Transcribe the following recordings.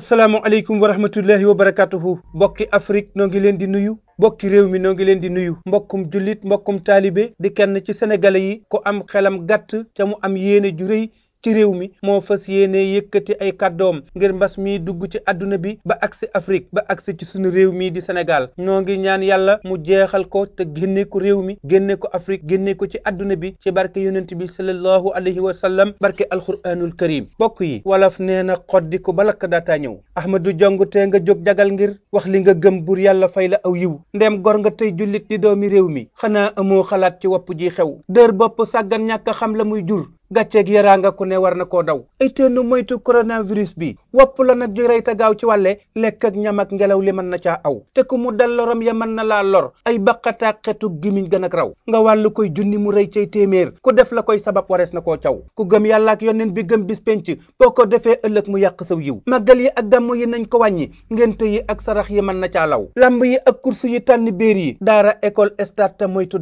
asalaamualeykum wa rahmatullahi wa barakatuhu bokki Afrique noo ngi leen di nuyu mbokki réew mi noo ngi leen di nuyu mbokkum jullit mbokkum taalibe di kenn ci sénégalais yi ko am xelam gàtt ca mu am yéene ju rëy ci réew mi moo fas yéene yëkkati ay kàddoom ngir mbas mii dugg ci àdduna bi ba agsi Afrique ba agsi ci sunu réew mii di Sénégal ñoo ngi ñaan yàlla mu jeexal ko te génne ko réew mi génne ko Afrique génne ko ci àdduna bi ci barke yonent bi sallallahu alayhi wa sallam barke alquranul karim bokk yi wolof nee na xoddi ko ba lakk daataa ñëw Ahmadou Jong te nga jóg jagal ngir wax li nga gëm buur yàlla fay la aw yiw ndem gor nga tey jullit di doomi réew mi xanaa amoo xalaat ci wopp ji xew bopp sàggan xam la muy jur gàcceeg yaraanga ku ne war na ko daw ay teen nu moytu coronavirus bi wopp la nag ju rey te gaaw ci wàlle lekk ak ñam ak ngelaw li man na caa aw te ku mu dal loram ya man na laa lor ay baqataa xetu gimiñ gën ak raw nga wàllu koy junni mu rëy cay téeméer ku def la koy sabab warees na koo caw ku gëm yàlla ak yoneen bi gëm bis penc boo ko defee ëllëg mu yàq saw yiw màggal yi ak gàmm yi nañ ko wàññi ngénte yi ak sarax yi man na caa law lamb yi ak kursu yi tànn béer yi daara école stade te moytu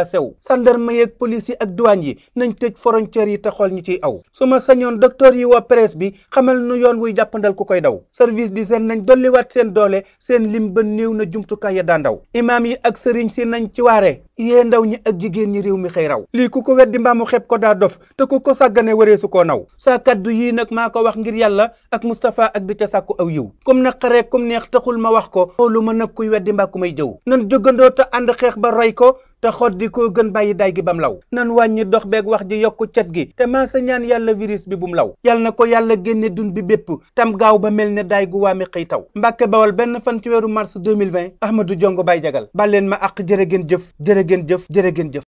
xew déplacé wu sandarma police yi ak douane yi nañ tëj frontières yi te xool ñi ciy aw su ma sañoon docteur yi waa presse bi xamal nu yoon wuy jàppandal ku koy daw service d'hygiène nañ dolliwaat seen doole seen lim ba néew na jumtukaay ya daan daw imaam yi ak sëriñ si nañ ci waare yee ndaw ñi ak jigéen ñi réew mi xëy raw lii ku ko weddi mbaa mu ko daa dof te ku ko sàggane wareesu koo naw saa kaddu yii nag maa ko wax ngir yàlla ak Moustapha ak di ca sàkku aw yiw comme naqaree comme neex taxul ma wax ko lu ma nag kuy weddi mbaa ku may jëw nan jógandoo te ànd xeex ba roy ko te xot di koo gën bàyyi day gi bam law nan wàññi dox beeg wax ji yokk cet gi te maa sa ñaan yàlla virus bi mu law yàlla na ko yàlla génne dun bi bépp tam gaaw ba mel ne daay gu waame xëy taw mbàkke bawal benn fan ci weeru mars 2020 Ahmadou Jongo Baye ma àq jërë ngeen ngeen jëf jërë ngeen jëf